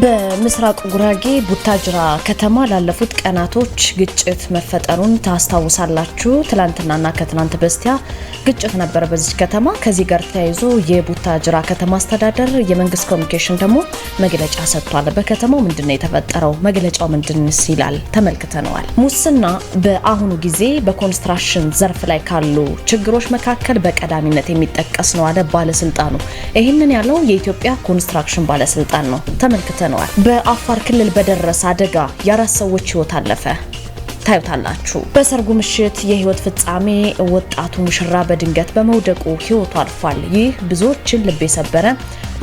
በምስራቅ ጉራጌ ቡታጅራ ከተማ ላለፉት ቀናቶች ግጭት መፈጠሩን ታስታውሳላችሁ። ትላንትናና ከትናንት በስቲያ ግጭት ነበረ በዚህ ከተማ። ከዚህ ጋር ተያይዞ የቡታጅራ ከተማ አስተዳደር የመንግስት ኮሚኒኬሽን ደግሞ መግለጫ ሰጥቷል። በከተማው ምንድነው የተፈጠረው? መግለጫው ምንድን ይላል? ተመልክተነዋል። ሙስና በአሁኑ ጊዜ በኮንስትራክሽን ዘርፍ ላይ ካሉ ችግሮች መካከል በቀዳሚነት የሚጠቀስ ነው አለ ባለስልጣኑ። ይህንን ያለው የኢትዮጵያ ኮንስትራክሽን ባለስልጣን ነው። ተመልክተ አጥንተነዋል። በአፋር ክልል በደረሰ አደጋ የአራት ሰዎች ህይወት አለፈ። ታዩታላችሁ። በሰርጉ ምሽት የህይወት ፍጻሜ ወጣቱ ሙሽራ በድንገት በመውደቁ ህይወቱ አልፏል። ይህ ብዙዎችን ልብ የሰበረ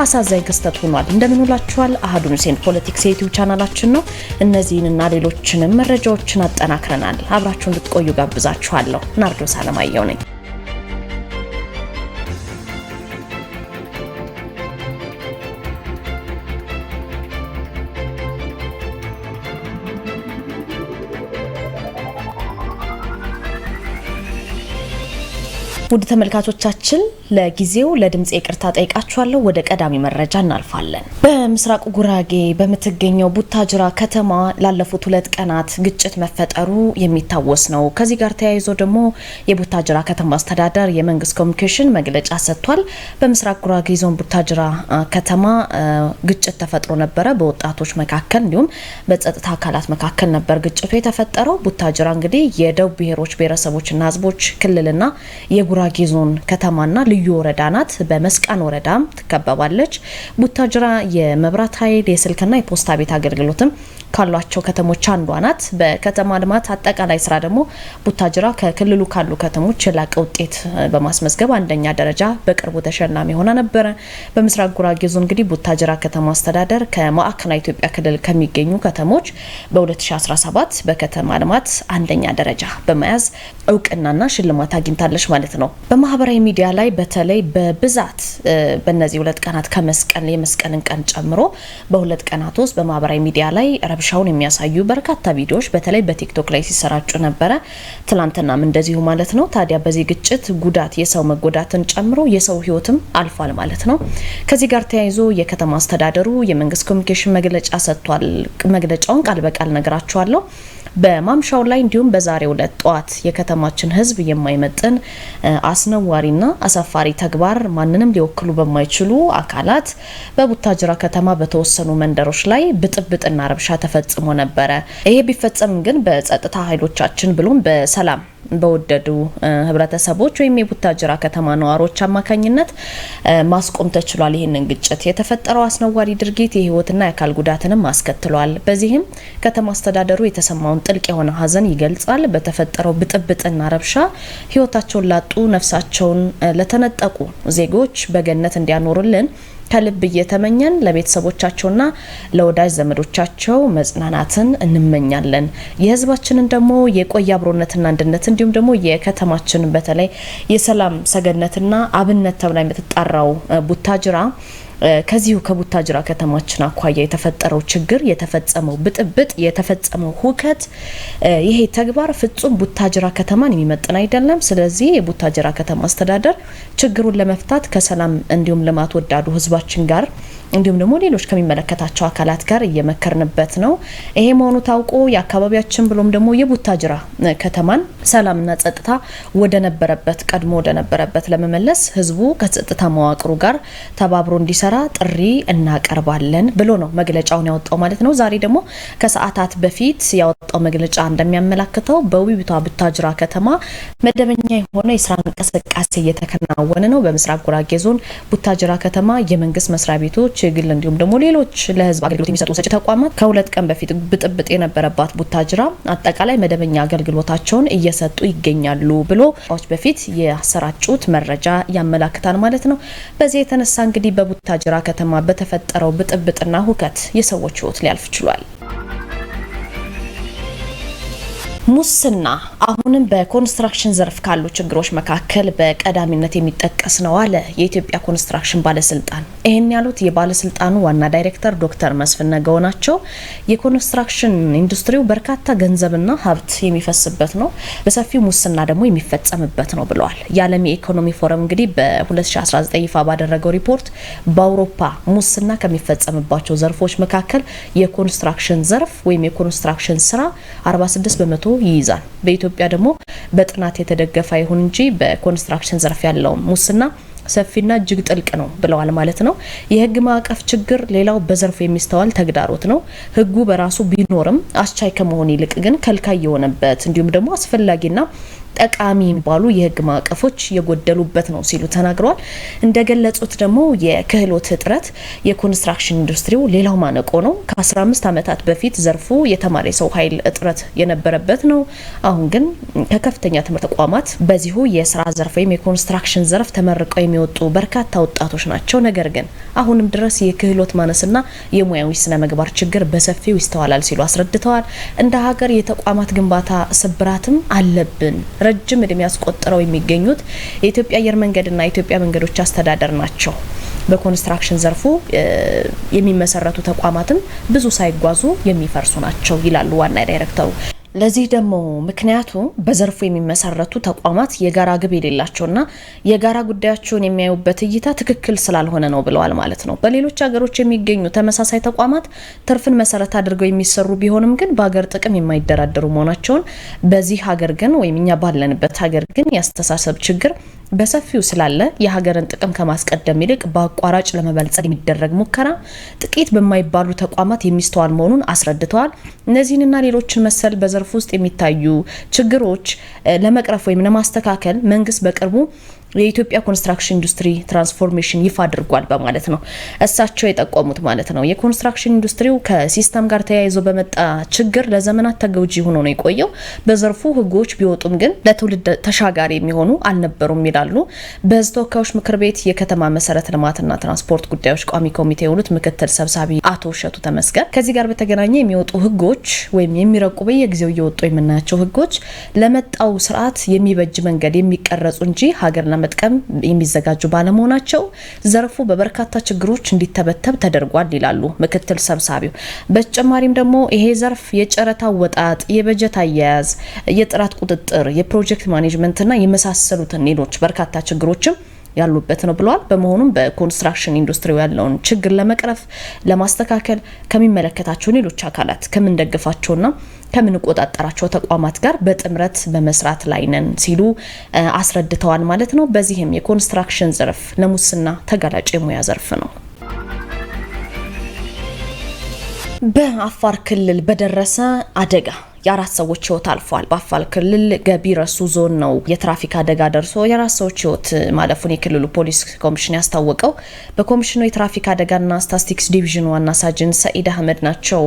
አሳዛኝ ክስተት ሆኗል። እንደምንውላችኋል አሀዱ ኒውሴን ፖለቲክስ የዩቲዩብ ቻናላችን ነው። እነዚህንና ሌሎችንም መረጃዎችን አጠናክረናል። አብራችሁ እንድትቆዩ ጋብዛችኋለሁ። ናርዶስ አለማየሁ ነኝ። ውድ ተመልካቾቻችን ለጊዜው ለድምፅ ይቅርታ ጠይቃችኋለሁ። ወደ ቀዳሚ መረጃ እናልፋለን። በምስራቅ ጉራጌ በምትገኘው ቡታጅራ ከተማ ላለፉት ሁለት ቀናት ግጭት መፈጠሩ የሚታወስ ነው። ከዚህ ጋር ተያይዞ ደግሞ የቡታጅራ ከተማ አስተዳደር የመንግስት ኮሚኒኬሽን መግለጫ ሰጥቷል። በምስራቅ ጉራጌ ዞን ቡታጅራ ከተማ ግጭት ተፈጥሮ ነበረ። በወጣቶች መካከል እንዲሁም በጸጥታ አካላት መካከል ነበር ግጭቱ የተፈጠረው። ቡታጅራ እንግዲህ የደቡብ ብሔሮች ብሔረሰቦችና ህዝቦች ክልልና የጉራ የጉራጌ ዞን ከተማና ልዩ ወረዳ ናት። በመስቃን ወረዳም ትከበባለች። ቡታጅራ የመብራት ኃይል የስልክና የፖስታ ቤት አገልግሎትም ካሏቸው ከተሞች አንዷ ናት። በከተማ ልማት አጠቃላይ ስራ ደግሞ ቡታጅራ ከክልሉ ካሉ ከተሞች የላቀ ውጤት በማስመዝገብ አንደኛ ደረጃ በቅርቡ ተሸላሚ ሆና ነበረ። በምስራቅ ጉራጌ ዞን እንግዲህ ቡታጅራ ከተማ አስተዳደር ከማዕከላዊ ኢትዮጵያ ክልል ከሚገኙ ከተሞች በ2017 በከተማ ልማት አንደኛ ደረጃ በመያዝ እውቅናና ሽልማት አግኝታለች ማለት ነው። በማህበራዊ ሚዲያ ላይ በተለይ በብዛት በእነዚህ ሁለት ቀናት ከመስቀል የመስቀልን ቀን ጨምሮ በሁለት ቀናት ውስጥ በማህበራዊ ሚዲያ ላይ ረብ ማምሻውን የሚያሳዩ በርካታ ቪዲዮዎች በተለይ በቲክቶክ ላይ ሲሰራጩ ነበረ። ትላንትናም እንደዚሁ ማለት ነው። ታዲያ በዚህ ግጭት ጉዳት የሰው መጎዳትን ጨምሮ የሰው ህይወትም አልፏል ማለት ነው። ከዚህ ጋር ተያይዞ የከተማ አስተዳደሩ የመንግስት ኮሚኒኬሽን መግለጫ ሰጥቷል። መግለጫውን ቃል በቃል ነግራችኋለሁ። በማምሻው ላይ እንዲሁም በዛሬ ሁለት ጠዋት የከተማችን ህዝብ የማይመጥን አስነዋሪና አሳፋሪ ተግባር ማንንም ሊወክሉ በማይችሉ አካላት በቡታጅራ ከተማ በተወሰኑ መንደሮች ላይ ብጥብጥና ረብሻ ተፈጽሞ ነበረ። ይሄ ቢፈጸም ግን በጸጥታ ኃይሎቻችን ብሎም በሰላም በወደዱ ህብረተሰቦች ወይም የቡታጅራ ከተማ ነዋሪዎች አማካኝነት ማስቆም ተችሏል። ይህንን ግጭት የተፈጠረው አስነዋሪ ድርጊት የህይወትና የአካል ጉዳትንም አስከትሏል። በዚህም ከተማ አስተዳደሩ የተሰማውን ጥልቅ የሆነ ሐዘን ይገልጻል። በተፈጠረው ብጥብጥና ረብሻ ህይወታቸውን ላጡ፣ ነፍሳቸውን ለተነጠቁ ዜጎች በገነት እንዲያኖሩልን። ከልብ እየተመኘን ለቤተሰቦቻቸውና ለወዳጅ ዘመዶቻቸው መጽናናትን እንመኛለን። የህዝባችንን ደግሞ የቆየ አብሮነትና አንድነት እንዲሁም ደግሞ የከተማችንን በተለይ የሰላም ሰገነትና አብነት ተብላ የምትጠራው ቡታጅራ ከዚሁ ከቡታጅራ ከተማችን አኳያ የተፈጠረው ችግር፣ የተፈጸመው ብጥብጥ፣ የተፈጸመው ሁከት፣ ይሄ ተግባር ፍጹም ቡታጅራ ከተማን የሚመጥን አይደለም። ስለዚህ የቡታጅራ ከተማ አስተዳደር ችግሩን ለመፍታት ከሰላም እንዲሁም ልማት ወዳዱ ህዝባችን ጋር እንዲሁም ደግሞ ሌሎች ከሚመለከታቸው አካላት ጋር እየመከርንበት ነው። ይሄ መሆኑ ታውቆ የአካባቢያችን ብሎም ደግሞ የቡታጅራ ከተማን ሰላምና ጸጥታ ወደ ነበረበት ቀድሞ ወደነበረበት ለመመለስ ህዝቡ ከጸጥታ መዋቅሩ ጋር ተባብሮ እንዲሰራ ጥሪ እናቀርባለን ብሎ ነው መግለጫውን ያወጣው ማለት ነው። ዛሬ ደግሞ ከሰዓታት በፊት ያወጣው መግለጫ እንደሚያመላክተው በውቢቷ ቡታጅራ ከተማ መደበኛ የሆነ የስራ እንቅስቃሴ እየተከናወነ ነው። በምስራቅ ጉራጌ ዞን ቡታጅራ ከተማ የመንግስት መስሪያ ቤቶች ሌሎች የግል እንዲሁም ደግሞ ሌሎች ለህዝብ አገልግሎት የሚሰጡ ሰጪ ተቋማት ከሁለት ቀን በፊት ብጥብጥ የነበረባት ቡታጅራ አጠቃላይ መደበኛ አገልግሎታቸውን እየሰጡ ይገኛሉ ብሎ ዎች በፊት ያሰራጩት መረጃ ያመላክታል ማለት ነው። በዚህ የተነሳ እንግዲህ በቡታጅራ ከተማ በተፈጠረው ብጥብጥና ሁከት የሰዎች ህይወት ሊያልፍ ችሏል። ሙስና አሁንም በኮንስትራክሽን ዘርፍ ካሉ ችግሮች መካከል በቀዳሚነት የሚጠቀስ ነው አለ የኢትዮጵያ ኮንስትራክሽን ባለስልጣን። ይህን ያሉት የባለስልጣኑ ዋና ዳይሬክተር ዶክተር መስፍን ነገው ናቸው። የኮንስትራክሽን ኢንዱስትሪው በርካታ ገንዘብና ሀብት የሚፈስበት ነው፣ በሰፊው ሙስና ደግሞ የሚፈጸምበት ነው ብለዋል። የዓለም የኢኮኖሚ ፎረም እንግዲህ በ2019 ይፋ ባደረገው ሪፖርት በአውሮፓ ሙስና ከሚፈጸምባቸው ዘርፎች መካከል የኮንስትራክሽን ዘርፍ ወይም የኮንስትራክሽን ስራ 46 በመቶ ይይዛል። በኢትዮጵያ ደግሞ በጥናት የተደገፈ ይሁን እንጂ በኮንስትራክሽን ዘርፍ ያለው ሙስና ሰፊና እጅግ ጥልቅ ነው ብለዋል ማለት ነው። የህግ ማዕቀፍ ችግር ሌላው በዘርፉ የሚስተዋል ተግዳሮት ነው። ህጉ በራሱ ቢኖርም አስቻይ ከመሆን ይልቅ ግን ከልካይ የሆነበት እንዲሁም ደግሞ አስፈላጊና ጠቃሚ የሚባሉ የህግ ማዕቀፎች የጎደሉበት ነው ሲሉ ተናግረዋል። እንደገለጹት ደግሞ የክህሎት እጥረት የኮንስትራክሽን ኢንዱስትሪው ሌላው ማነቆ ነው። ከ15 ዓመታት በፊት ዘርፉ የተማረ ሰው ኃይል እጥረት የነበረበት ነው። አሁን ግን ከከፍተኛ ትምህርት ተቋማት በዚሁ የስራ ዘርፍ ወይም የኮንስትራክሽን ዘርፍ ተመርቀው የሚወጡ በርካታ ወጣቶች ናቸው። ነገር ግን አሁንም ድረስ የክህሎት ማነስና የሙያዊ ስነ ምግባር ችግር በሰፊው ይስተዋላል ሲሉ አስረድተዋል። እንደ ሀገር የተቋማት ግንባታ ስብራትም አለብን ረጅም እድሜ አስቆጥረው የሚገኙት የኢትዮጵያ አየር መንገድና የኢትዮጵያ መንገዶች አስተዳደር ናቸው። በኮንስትራክሽን ዘርፉ የሚመሰረቱ ተቋማትም ብዙ ሳይጓዙ የሚፈርሱ ናቸው ይላሉ ዋና ዳይሬክተሩ። ለዚህ ደግሞ ምክንያቱ በዘርፉ የሚመሰረቱ ተቋማት የጋራ ግብ የሌላቸውና የጋራ ጉዳያቸውን የሚያዩበት እይታ ትክክል ስላልሆነ ነው ብለዋል ማለት ነው። በሌሎች ሀገሮች የሚገኙ ተመሳሳይ ተቋማት ትርፍን መሰረት አድርገው የሚሰሩ ቢሆንም ግን በሀገር ጥቅም የማይደራደሩ መሆናቸውን በዚህ ሀገር ግን ወይም እኛ ባለንበት ሀገር ግን ያስተሳሰብ ችግር በሰፊው ስላለ የሀገርን ጥቅም ከማስቀደም ይልቅ በአቋራጭ ለመበልጸግ የሚደረግ ሙከራ ጥቂት በማይባሉ ተቋማት የሚስተዋል መሆኑን አስረድተዋል። እነዚህንና ሌሎችን መሰል በዘርፍ ውስጥ የሚታዩ ችግሮች ለመቅረፍ ወይም ለማስተካከል መንግስት በቅርቡ የኢትዮጵያ ኮንስትራክሽን ኢንዱስትሪ ትራንስፎርሜሽን ይፋ አድርጓል በማለት ነው እሳቸው የጠቆሙት ማለት ነው። የኮንስትራክሽን ኢንዱስትሪው ከሲስተም ጋር ተያይዞ በመጣ ችግር ለዘመናት ተጎጂ ሆኖ ነው የቆየው። በዘርፉ ህጎች ቢወጡም ግን ለትውልድ ተሻጋሪ የሚሆኑ አልነበሩም ይላሉ። በህዝብ ተወካዮች ምክር ቤት የከተማ መሰረተ ልማትና ትራንስፖርት ጉዳዮች ቋሚ ኮሚቴ የሆኑት ምክትል ሰብሳቢ አቶ እሸቱ ተመስገን ከዚህ ጋር በተገናኘ የሚወጡ ህጎች ወይም የሚረቁ በየጊዜው እየወጡ የምናያቸው ህጎች ለመጣው ስርዓት የሚበጅ መንገድ የሚቀረጹ እንጂ ሀገር ለመጥቀም የሚዘጋጁ ባለመሆናቸው ዘርፉ በበርካታ ችግሮች እንዲተበተብ ተደርጓል ይላሉ ምክትል ሰብሳቢው። በተጨማሪም ደግሞ ይሄ ዘርፍ የጨረታ አወጣጥ፣ የበጀት አያያዝ፣ የጥራት ቁጥጥር፣ የፕሮጀክት ማኔጅመንትና የመሳሰሉትን ሌሎች በርካታ ችግሮችም ያሉበት ነው ብለዋል። በመሆኑም በኮንስትራክሽን ኢንዱስትሪው ያለውን ችግር ለመቅረፍ ለማስተካከል ከሚመለከታቸው ሌሎች አካላት ከምንደግፋቸውና ከምንቆጣጠራቸው ተቋማት ጋር በጥምረት በመስራት ላይ ነን ሲሉ አስረድተዋል ማለት ነው። በዚህም የኮንስትራክሽን ዘርፍ ለሙስና ተጋላጭ የሙያ ዘርፍ ነው። በአፋር ክልል በደረሰ አደጋ የአራት ሰዎች ህይወት አልፏል። በአፋል ክልል ገቢ ረሱ ዞን ነው የትራፊክ አደጋ ደርሶ የአራት ሰዎች ህይወት ማለፉን የክልሉ ፖሊስ ኮሚሽን ያስታወቀው። በኮሚሽኑ የትራፊክ አደጋና ስታስቲክስ ዲቪዥን ዋና ሳጅን ሰኢድ አህመድ ናቸው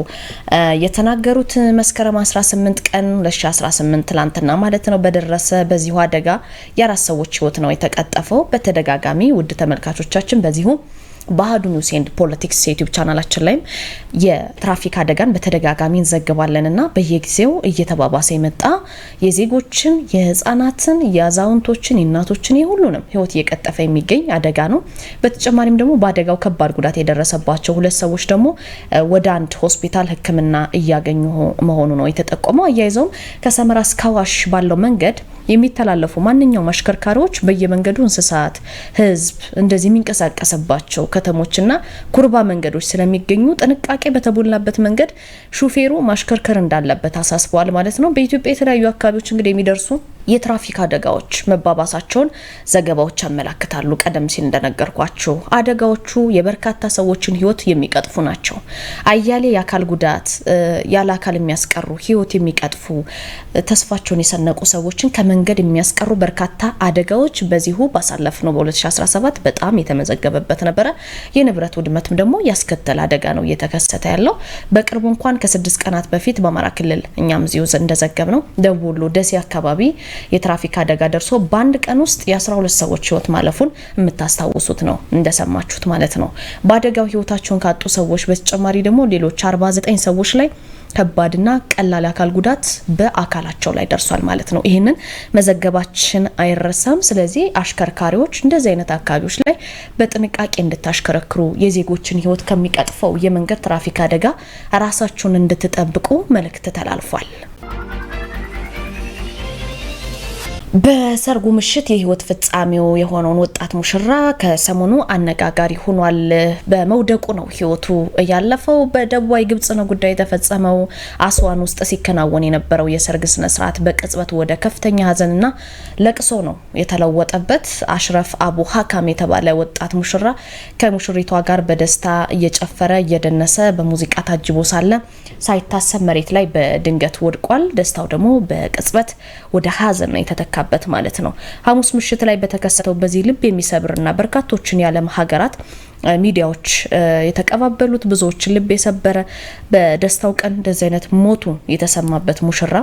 የተናገሩት። መስከረም 18 ቀን 2018 ትላንትና ማለት ነው በደረሰ በዚሁ አደጋ የአራት ሰዎች ህይወት ነው የተቀጠፈው። በተደጋጋሚ ውድ ተመልካቾቻችን በዚሁ በአህዱ ኒውስ ኤንድ ፖለቲክስ የዩቲዩብ ቻናላችን ላይም የትራፊክ አደጋን በተደጋጋሚ እንዘግባለን እና በየጊዜው እየተባባሰ የመጣ የዜጎችን፣ የህፃናትን፣ የአዛውንቶችን፣ የእናቶችን፣ የሁሉንም ህይወት እየቀጠፈ የሚገኝ አደጋ ነው። በተጨማሪም ደግሞ በአደጋው ከባድ ጉዳት የደረሰባቸው ሁለት ሰዎች ደግሞ ወደ አንድ ሆስፒታል ህክምና እያገኙ መሆኑ ነው የተጠቆመው። አያይዘውም ከሰመራ እስከ አዋሽ ባለው መንገድ የሚተላለፉ ማንኛውም አሽከርካሪዎች በየመንገዱ እንስሳት፣ ህዝብ እንደዚህ የሚንቀሳቀስባቸው ከተሞችና ኩርባ መንገዶች ስለሚገኙ ጥንቃቄ በተሞላበት መንገድ ሹፌሩ ማሽከርከር እንዳለበት አሳስበዋል ማለት ነው። በኢትዮጵያ የተለያዩ አካባቢዎች እንግዲህ የሚደርሱ የትራፊክ አደጋዎች መባባሳቸውን ዘገባዎች ያመላክታሉ። ቀደም ሲል እንደነገርኳችሁ አደጋዎቹ የበርካታ ሰዎችን ህይወት የሚቀጥፉ ናቸው። አያሌ የአካል ጉዳት ያለ አካል የሚያስቀሩ ህይወት የሚቀጥፉ ተስፋቸውን የሰነቁ ሰዎችን ከመንገድ የሚያስቀሩ በርካታ አደጋዎች በዚሁ ነው በ2017 በጣም የተመዘገበበት ነበረ። የንብረት ውድመትም ደግሞ ያስከተለ አደጋ ነው እየተከሰተ ያለው። በቅርቡ እንኳን ከስድስት ቀናት በፊት በአማራ ክልል እኛም እዚሁ እንደዘገብ ነው ደቡብ ወሎ ደሴ አካባቢ የትራፊክ አደጋ ደርሶ በአንድ ቀን ውስጥ የ12 ሰዎች ህይወት ማለፉን የምታስታውሱት ነው እንደሰማችሁት ማለት ነው። በአደጋው ህይወታቸውን ካጡ ሰዎች በተጨማሪ ደግሞ ሌሎች 49 ሰዎች ላይ ከባድና ቀላል አካል ጉዳት በአካላቸው ላይ ደርሷል ማለት ነው። ይህንን መዘገባችን አይረሳም። ስለዚህ አሽከርካሪዎች እንደዚህ አይነት አካባቢዎች ላይ በጥንቃቄ እንድታሽከረክሩ የዜጎችን ህይወት ከሚቀጥፈው የመንገድ ትራፊክ አደጋ ራሳችሁን እንድትጠብቁ መልእክት ተላልፏል። በሰርጉ ምሽት የህይወት ፍጻሜው የሆነውን ወጣት ሙሽራ ከሰሞኑ አነጋጋሪ ሆኗል። በመውደቁ ነው ህይወቱ ያለፈው። በደቡባዊ ግብጽ ነው ጉዳይ የተፈጸመው። አስዋን ውስጥ ሲከናወን የነበረው የሰርግ ስነስርዓት በቅጽበት ወደ ከፍተኛ ሀዘንና ለቅሶ ነው የተለወጠበት። አሽረፍ አቡ ሀካም የተባለ ወጣት ሙሽራ ከሙሽሪቷ ጋር በደስታ እየጨፈረ እየደነሰ በሙዚቃ ታጅቦ ሳለ ሳይታሰብ መሬት ላይ በድንገት ወድቋል። ደስታው ደግሞ በቅጽበት ወደ ሀዘን ነው የተተካ የተሳካበት ማለት ነው። ሐሙስ ምሽት ላይ በተከሰተው በዚህ ልብ የሚሰብርና በርካቶችን የዓለም ሀገራት ሚዲያዎች የተቀባበሉት ብዙዎችን ልብ የሰበረ በደስታው ቀን እንደዚህ አይነት ሞቱ የተሰማበት ሙሽራ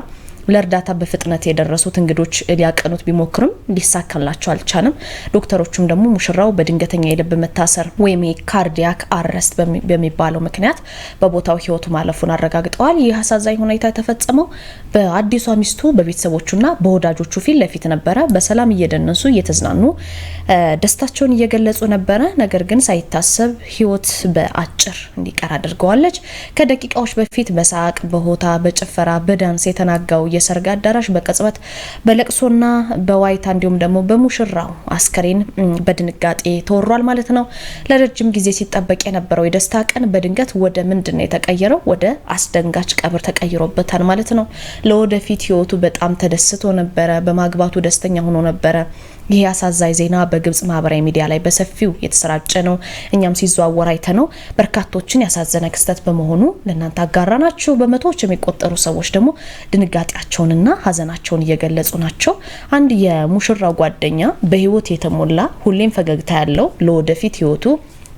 ለእርዳታ በፍጥነት የደረሱት እንግዶች ሊያቀኑት ቢሞክርም ሊሳካላቸው አልቻለም። ዶክተሮቹም ደግሞ ሙሽራው በድንገተኛ የልብ መታሰር ወይም የካርዲያክ አረስት በሚባለው ምክንያት በቦታው ህይወቱ ማለፉን አረጋግጠዋል። ይህ አሳዛኝ ሁኔታ የተፈጸመው በአዲሷ ሚስቱ በቤተሰቦቹና በወዳጆቹ ፊት ለፊት ነበረ። በሰላም እየደነሱ እየተዝናኑ ደስታቸውን እየገለጹ ነበረ። ነገር ግን ሳይታሰብ ህይወት በአጭር እንዲቀር አድርገዋለች። ከደቂቃዎች በፊት በሳቅ በሆታ በጭፈራ በዳንስ የተናጋው የሰርግ አዳራሽ በቅጽበት በለቅሶና በዋይታ እንዲሁም ደግሞ በሙሽራው አስከሬን በድንጋጤ ተወሯል ማለት ነው። ለረጅም ጊዜ ሲጠበቅ የነበረው የደስታ ቀን በድንገት ወደ ምንድን ነው የተቀየረው? ወደ አስደንጋጭ ቀብር ተቀይሮበታል ማለት ነው። ለወደፊት ህይወቱ በጣም ተደስቶ ነበረ። በማግባቱ ደስተኛ ሆኖ ነበረ። ይህ አሳዛኝ ዜና በግብጽ ማህበራዊ ሚዲያ ላይ በሰፊው የተሰራጨ ነው። እኛም ሲዘዋወር አይተ ነው በርካቶችን ያሳዘነ ክስተት በመሆኑ ለእናንተ አጋራ ናቸው። በመቶዎች የሚቆጠሩ ሰዎች ደግሞ ድንጋጤያቸውንና ሀዘናቸውን እየገለጹ ናቸው። አንድ የሙሽራው ጓደኛ በህይወት የተሞላ ሁሌም ፈገግታ ያለው ለወደፊት ህይወቱ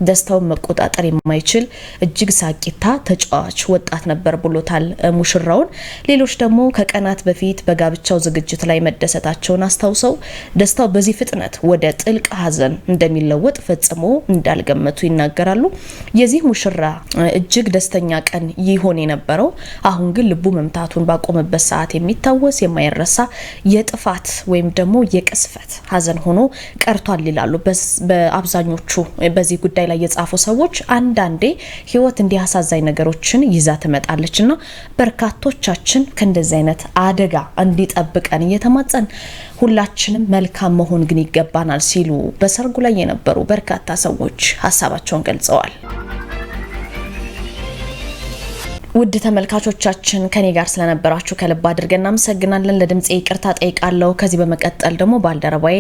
ደስታውን መቆጣጠር የማይችል እጅግ ሳቂታ ተጫዋች ወጣት ነበር ብሎታል ሙሽራውን። ሌሎች ደግሞ ከቀናት በፊት በጋብቻው ዝግጅት ላይ መደሰታቸውን አስታውሰው ደስታው በዚህ ፍጥነት ወደ ጥልቅ ሐዘን እንደሚለወጥ ፈጽሞ እንዳልገመቱ ይናገራሉ። የዚህ ሙሽራ እጅግ ደስተኛ ቀን ይሆን የነበረው አሁን ግን ልቡ መምታቱን ባቆመበት ሰዓት የሚታወስ የማይረሳ የጥፋት ወይም ደግሞ የቅስፈት ሐዘን ሆኖ ቀርቷል ይላሉ በአብዛኞቹ በዚህ ጉዳይ ላይ የጻፉ ሰዎች አንዳንዴ ህይወት እንዲህ አሳዛኝ ነገሮችን ይዛ ትመጣለች እና በርካቶቻችን ከእንደዚህ አይነት አደጋ እንዲጠብቀን እየተማጸን ሁላችንም መልካም መሆን ግን ይገባናል ሲሉ በሰርጉ ላይ የነበሩ በርካታ ሰዎች ሀሳባቸውን ገልጸዋል። ውድ ተመልካቾቻችን ከኔ ጋር ስለነበራችሁ ከልብ አድርገን እናመሰግናለን። ለድምፄ ይቅርታ ጠይቃለሁ። ከዚህ በመቀጠል ደግሞ ባልደረባዬ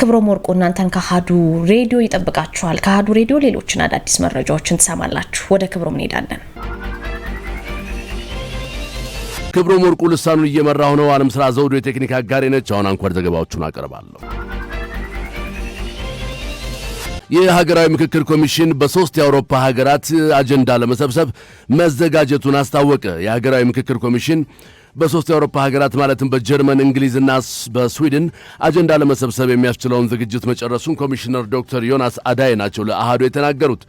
ክብሮም ወርቁ እናንተን ከአሀዱ ሬዲዮ ይጠብቃችኋል። ከአሀዱ ሬዲዮ ሌሎችን አዳዲስ መረጃዎችን ትሰማላችሁ። ወደ ክብሮም እንሄዳለን። ክብሮም ወርቁ ልሳኑን እየመራሁ ነው። አለም ስራ ዘውዶ የቴክኒክ አጋሪ ነች። አሁን አንኳር ዘገባዎቹን አቀርባለሁ። የሀገራዊ ምክክር ኮሚሽን በሶስት የአውሮፓ ሀገራት አጀንዳ ለመሰብሰብ መዘጋጀቱን አስታወቀ። የሀገራዊ ምክክር ኮሚሽን በሶስት የአውሮፓ ሀገራት ማለትም በጀርመን፣ እንግሊዝና በስዊድን አጀንዳ ለመሰብሰብ የሚያስችለውን ዝግጅት መጨረሱን ኮሚሽነር ዶክተር ዮናስ አዳይ ናቸው ለአሃዱ የተናገሩት።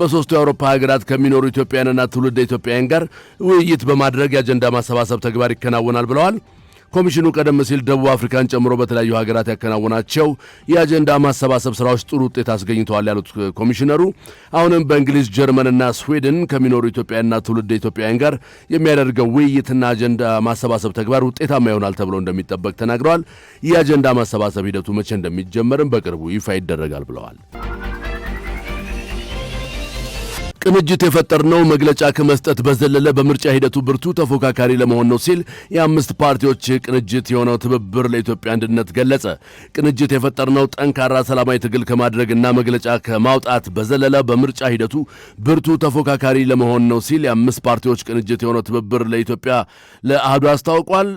በሶስቱ የአውሮፓ ሀገራት ከሚኖሩ ኢትዮጵያውያንና ትውልደ ኢትዮጵያውያን ጋር ውይይት በማድረግ የአጀንዳ ማሰባሰብ ተግባር ይከናወናል ብለዋል። ኮሚሽኑ ቀደም ሲል ደቡብ አፍሪካን ጨምሮ በተለያዩ ሀገራት ያከናወናቸው የአጀንዳ ማሰባሰብ ስራዎች ጥሩ ውጤት አስገኝተዋል ያሉት ኮሚሽነሩ አሁንም በእንግሊዝ ጀርመንና ስዊድን ከሚኖሩ ኢትዮጵያና ትውልድ ኢትዮጵያውያን ጋር የሚያደርገው ውይይትና አጀንዳ ማሰባሰብ ተግባር ውጤታማ ይሆናል ተብሎ እንደሚጠበቅ ተናግረዋል። የአጀንዳ ማሰባሰብ ሂደቱ መቼ እንደሚጀመርም በቅርቡ ይፋ ይደረጋል ብለዋል። ቅንጅት የፈጠርነው መግለጫ ከመስጠት በዘለለ በምርጫ ሂደቱ ብርቱ ተፎካካሪ ለመሆን ነው ሲል የአምስት ፓርቲዎች ቅንጅት የሆነው ትብብር ለኢትዮጵያ አንድነት ገለጸ። ቅንጅት የፈጠርነው ጠንካራ ሰላማዊ ትግል ከማድረግና መግለጫ ከማውጣት በዘለለ በምርጫ ሂደቱ ብርቱ ተፎካካሪ ለመሆን ነው ሲል የአምስት ፓርቲዎች ቅንጅት የሆነው ትብብር ለኢትዮጵያ ለአህዱ አስታውቋል።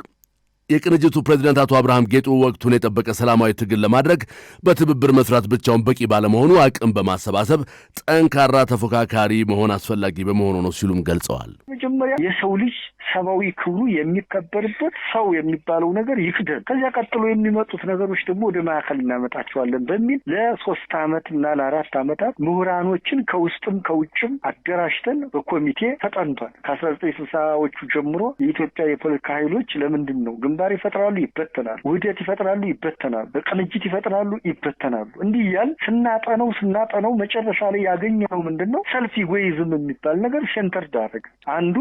የቅንጅቱ ፕሬዚደንት አቶ አብርሃም ጌጡ ወቅቱን የጠበቀ ሰላማዊ ትግል ለማድረግ በትብብር መስራት ብቻውን በቂ ባለመሆኑ አቅም በማሰባሰብ ጠንካራ ተፎካካሪ መሆን አስፈላጊ በመሆኑ ነው ሲሉም ገልጸዋል። መጀመሪያ የሰው ልጅ ሰብአዊ ክብሩ የሚከበርበት ሰው የሚባለው ነገር ይክደን። ከዚያ ቀጥሎ የሚመጡት ነገሮች ደግሞ ወደ ማዕከል እናመጣቸዋለን በሚል ለሶስት አመት እና ለአራት አመታት ምሁራኖችን ከውስጥም ከውጭም አደራጅተን በኮሚቴ ተጠንቷል። ከአስራ ዘጠኝ ስልሳዎቹ ጀምሮ የኢትዮጵያ የፖለቲካ ኃይሎች ለምንድን ነው ግንባር ይፈጥራሉ፣ ይበተናሉ፣ ውህደት ይፈጥራሉ፣ ይበተናሉ፣ በቅንጅት ይፈጥራሉ፣ ይበተናሉ። እንዲህ እያል ስናጠነው ስናጠነው መጨረሻ ላይ ያገኘነው ምንድን ነው ሰልፊ ኢጎይዝም የሚባል ነገር ሴንተር ዳረገ አንዱ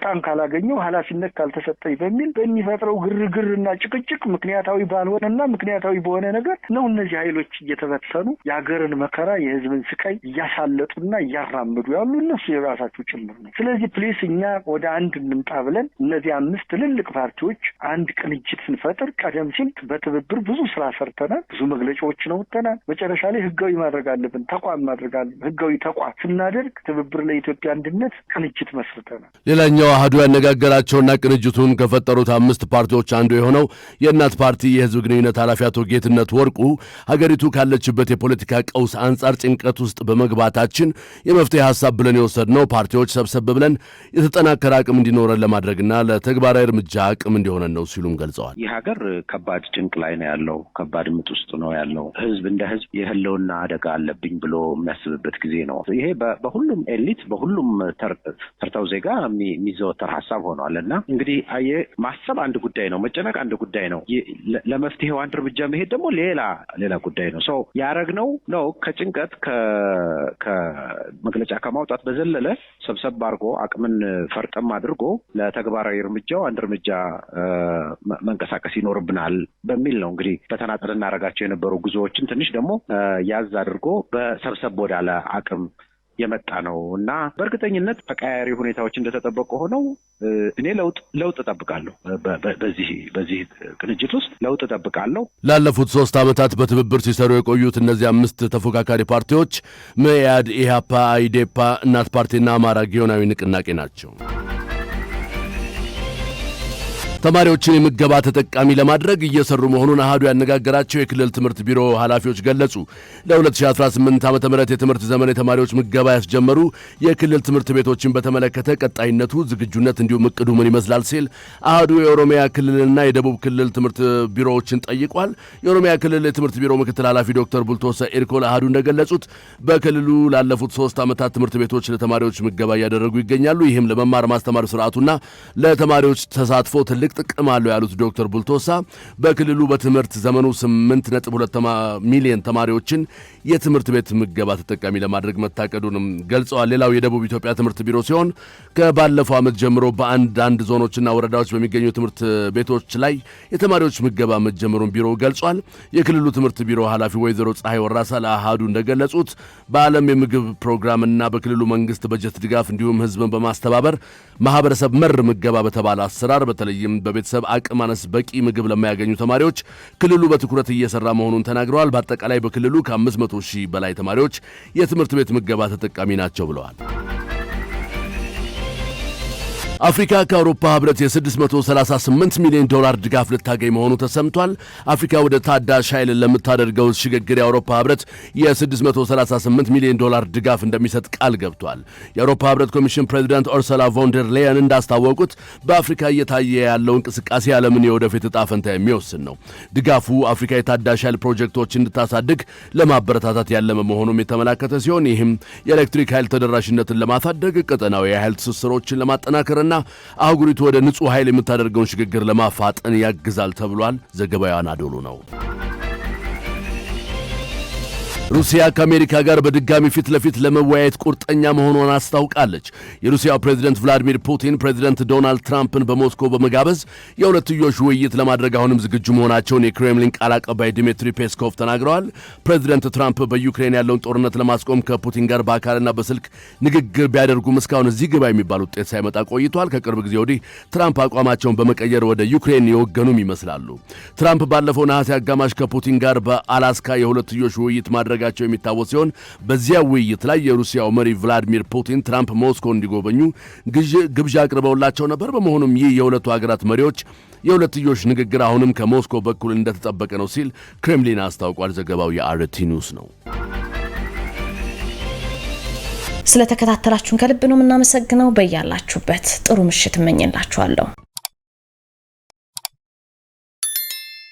ስልጣን ካላገኘው ኃላፊነት ካልተሰጠኝ በሚል በሚፈጥረው ግርግር እና ጭቅጭቅ ምክንያታዊ ባልሆነና ምክንያታዊ በሆነ ነገር ነው እነዚህ ኃይሎች እየተበተኑ የሀገርን መከራ የህዝብን ስቃይ እያሳለጡና እያራምዱ ያሉ እነሱ የራሳቸው ጭምር ነው። ስለዚህ ፕሊስ እኛ ወደ አንድ እንምጣ ብለን እነዚህ አምስት ትልልቅ ፓርቲዎች አንድ ቅንጅት ስንፈጥር ቀደም ሲል በትብብር ብዙ ስራ ሰርተናል። ብዙ መግለጫዎችን አውጥተናል። መጨረሻ ላይ ህጋዊ ማድረግ አለብን፣ ተቋም ማድረግ አለብን። ህጋዊ ተቋም ስናደርግ ትብብር ለኢትዮጵያ አንድነት ቅንጅት መስርተናል። ሌላኛው አህዱ ያነጋገራቸውና ቅንጅቱን ከፈጠሩት አምስት ፓርቲዎች አንዱ የሆነው የእናት ፓርቲ የህዝብ ግንኙነት ኃላፊ አቶ ጌትነት ወርቁ ሀገሪቱ ካለችበት የፖለቲካ ቀውስ አንጻር ጭንቀት ውስጥ በመግባታችን የመፍትሄ ሀሳብ ብለን የወሰድነው ፓርቲዎች ሰብሰብ ብለን የተጠናከረ አቅም እንዲኖረን ለማድረግና ለተግባራዊ እርምጃ አቅም እንዲሆነን ነው ሲሉም ገልጸዋል። ይህ ሀገር ከባድ ጭንቅ ላይ ነው ያለው፣ ከባድ ምጥ ውስጥ ነው ያለው። ህዝብ እንደ ህዝብ የህልውና አደጋ አለብኝ ብሎ የሚያስብበት ጊዜ ነው። ይሄ በሁሉም ኤሊት፣ በሁሉም ተርተው ዜጋ የሚዘ የሚዘወተር ሀሳብ ሆኗል እና እንግዲህ አየ ማሰብ አንድ ጉዳይ ነው፣ መጨነቅ አንድ ጉዳይ ነው፣ ለመፍትሄው አንድ እርምጃ መሄድ ደግሞ ሌላ ሌላ ጉዳይ ነው። ሰው ያደረግነው ነው ከጭንቀት ከመግለጫ ከማውጣት በዘለለ ሰብሰብ አድርጎ አቅምን ፈርጠም አድርጎ ለተግባራዊ እርምጃው አንድ እርምጃ መንቀሳቀስ ይኖርብናል በሚል ነው እንግዲህ በተናጠል እናደርጋቸው የነበሩ ጉዞዎችን ትንሽ ደግሞ ያዝ አድርጎ በሰብሰብ ወዳለ አቅም የመጣ ነው እና በእርግጠኝነት ተቀያሪ ሁኔታዎች እንደተጠበቁ ሆነው እኔ ለውጥ ለውጥ እጠብቃለሁ። በዚህ በዚህ ቅንጅት ውስጥ ለውጥ እጠብቃለሁ። ላለፉት ሶስት ዓመታት በትብብር ሲሰሩ የቆዩት እነዚህ አምስት ተፎካካሪ ፓርቲዎች መኢአድ፣ ኢህአፓ፣ አይዴፓ፣ እናት ፓርቲና አማራ ጊዮናዊ ንቅናቄ ናቸው። ተማሪዎችን የምገባ ተጠቃሚ ለማድረግ እየሰሩ መሆኑን አህዱ ያነጋገራቸው የክልል ትምህርት ቢሮ ኃላፊዎች ገለጹ። ለ2018 ዓ ም የትምህርት ዘመን የተማሪዎች ምገባ ያስጀመሩ የክልል ትምህርት ቤቶችን በተመለከተ ቀጣይነቱ፣ ዝግጁነት እንዲሁም እቅዱ ምን ይመስላል ሲል አህዱ የኦሮሚያ ክልልና የደቡብ ክልል ትምህርት ቢሮዎችን ጠይቋል። የኦሮሚያ ክልል የትምህርት ቢሮ ምክትል ኃላፊ ዶክተር ቡልቶሰ ኤርኮ ለአሃዱ እንደገለጹት በክልሉ ላለፉት ሶስት ዓመታት ትምህርት ቤቶች ለተማሪዎች ምገባ እያደረጉ ይገኛሉ። ይህም ለመማር ማስተማር ስርዓቱና ለተማሪዎች ተሳትፎ ትልቅ ትልቅ ጥቅም አለው ያሉት ዶክተር ቡልቶሳ በክልሉ በትምህርት ዘመኑ 8.2 ሚሊዮን ተማሪዎችን የትምህርት ቤት ምገባ ተጠቃሚ ለማድረግ መታቀዱንም ገልጸዋል። ሌላው የደቡብ ኢትዮጵያ ትምህርት ቢሮ ሲሆን ከባለፈው ዓመት ጀምሮ በአንዳንድ ዞኖችና ወረዳዎች በሚገኙ ትምህርት ቤቶች ላይ የተማሪዎች ምገባ መጀመሩን ቢሮው ገልጿል። የክልሉ ትምህርት ቢሮ ኃላፊ ወይዘሮ ፀሐይ ወራሳ ለአሃዱ እንደገለጹት በዓለም የምግብ ፕሮግራምና በክልሉ መንግስት በጀት ድጋፍ እንዲሁም ህዝብን በማስተባበር ማህበረሰብ መር ምገባ በተባለ አሰራር በተለይም በቤተሰብ አቅም አነስ በቂ ምግብ ለማያገኙ ተማሪዎች ክልሉ በትኩረት እየሰራ መሆኑን ተናግረዋል። በአጠቃላይ በክልሉ ከ500 ሺህ በላይ ተማሪዎች የትምህርት ቤት ምገባ ተጠቃሚ ናቸው ብለዋል። አፍሪካ ከአውሮፓ ህብረት የ638 ሚሊዮን ዶላር ድጋፍ ልታገኝ መሆኑ ተሰምቷል። አፍሪካ ወደ ታዳሽ ኃይል ለምታደርገው ሽግግር የአውሮፓ ህብረት የ638 ሚሊዮን ዶላር ድጋፍ እንደሚሰጥ ቃል ገብቷል። የአውሮፓ ህብረት ኮሚሽን ፕሬዚዳንት ኦርሰላ ቮንደር ሌየን እንዳስታወቁት በአፍሪካ እየታየ ያለው እንቅስቃሴ ዓለምን የወደፊት እጣ ፈንታ የሚወስን ነው። ድጋፉ አፍሪካ የታዳሽ ኃይል ፕሮጀክቶች እንድታሳድግ ለማበረታታት ያለመ መሆኑም የተመላከተ ሲሆን ይህም የኤሌክትሪክ ኃይል ተደራሽነትን ለማሳደግ ቀጠናዊ የኃይል ትስስሮችን ለማጠናከርና ይሆናልና አህጉሪቱ ወደ ንጹሕ ኃይል የምታደርገውን ሽግግር ለማፋጠን ያግዛል ተብሏል። ዘገባው ያናዶሉ ነው። ሩሲያ ከአሜሪካ ጋር በድጋሚ ፊት ለፊት ለመወያየት ቁርጠኛ መሆኗን አስታውቃለች። የሩሲያው ፕሬዚደንት ቭላዲሚር ፑቲን ፕሬዚደንት ዶናልድ ትራምፕን በሞስኮ በመጋበዝ የሁለትዮሽ ውይይት ለማድረግ አሁንም ዝግጁ መሆናቸውን የክሬምሊን ቃል አቀባይ ዲሚትሪ ፔስኮቭ ተናግረዋል። ፕሬዚደንት ትራምፕ በዩክሬን ያለውን ጦርነት ለማስቆም ከፑቲን ጋር በአካልና በስልክ ንግግር ቢያደርጉም እስካሁን እዚህ ግባ የሚባል ውጤት ሳይመጣ ቆይቷል። ከቅርብ ጊዜ ወዲህ ትራምፕ አቋማቸውን በመቀየር ወደ ዩክሬን የወገኑም ይመስላሉ። ትራምፕ ባለፈው ነሐሴ አጋማሽ ከፑቲን ጋር በአላስካ የሁለትዮሽ ውይይት ማድረግ ማድረጋቸው የሚታወስ ሲሆን በዚያ ውይይት ላይ የሩሲያው መሪ ቭላዲሚር ፑቲን ትራምፕ ሞስኮ እንዲጎበኙ ግብዣ አቅርበውላቸው ነበር። በመሆኑም ይህ የሁለቱ ሀገራት መሪዎች የሁለትዮሽ ንግግር አሁንም ከሞስኮ በኩል እንደተጠበቀ ነው ሲል ክሬምሊን አስታውቋል። ዘገባው የአርቲ ኒውስ ነው። ስለተከታተላችሁን ከልብ ነው የምናመሰግነው። በያላችሁበት ጥሩ ምሽት እመኝላችኋለሁ።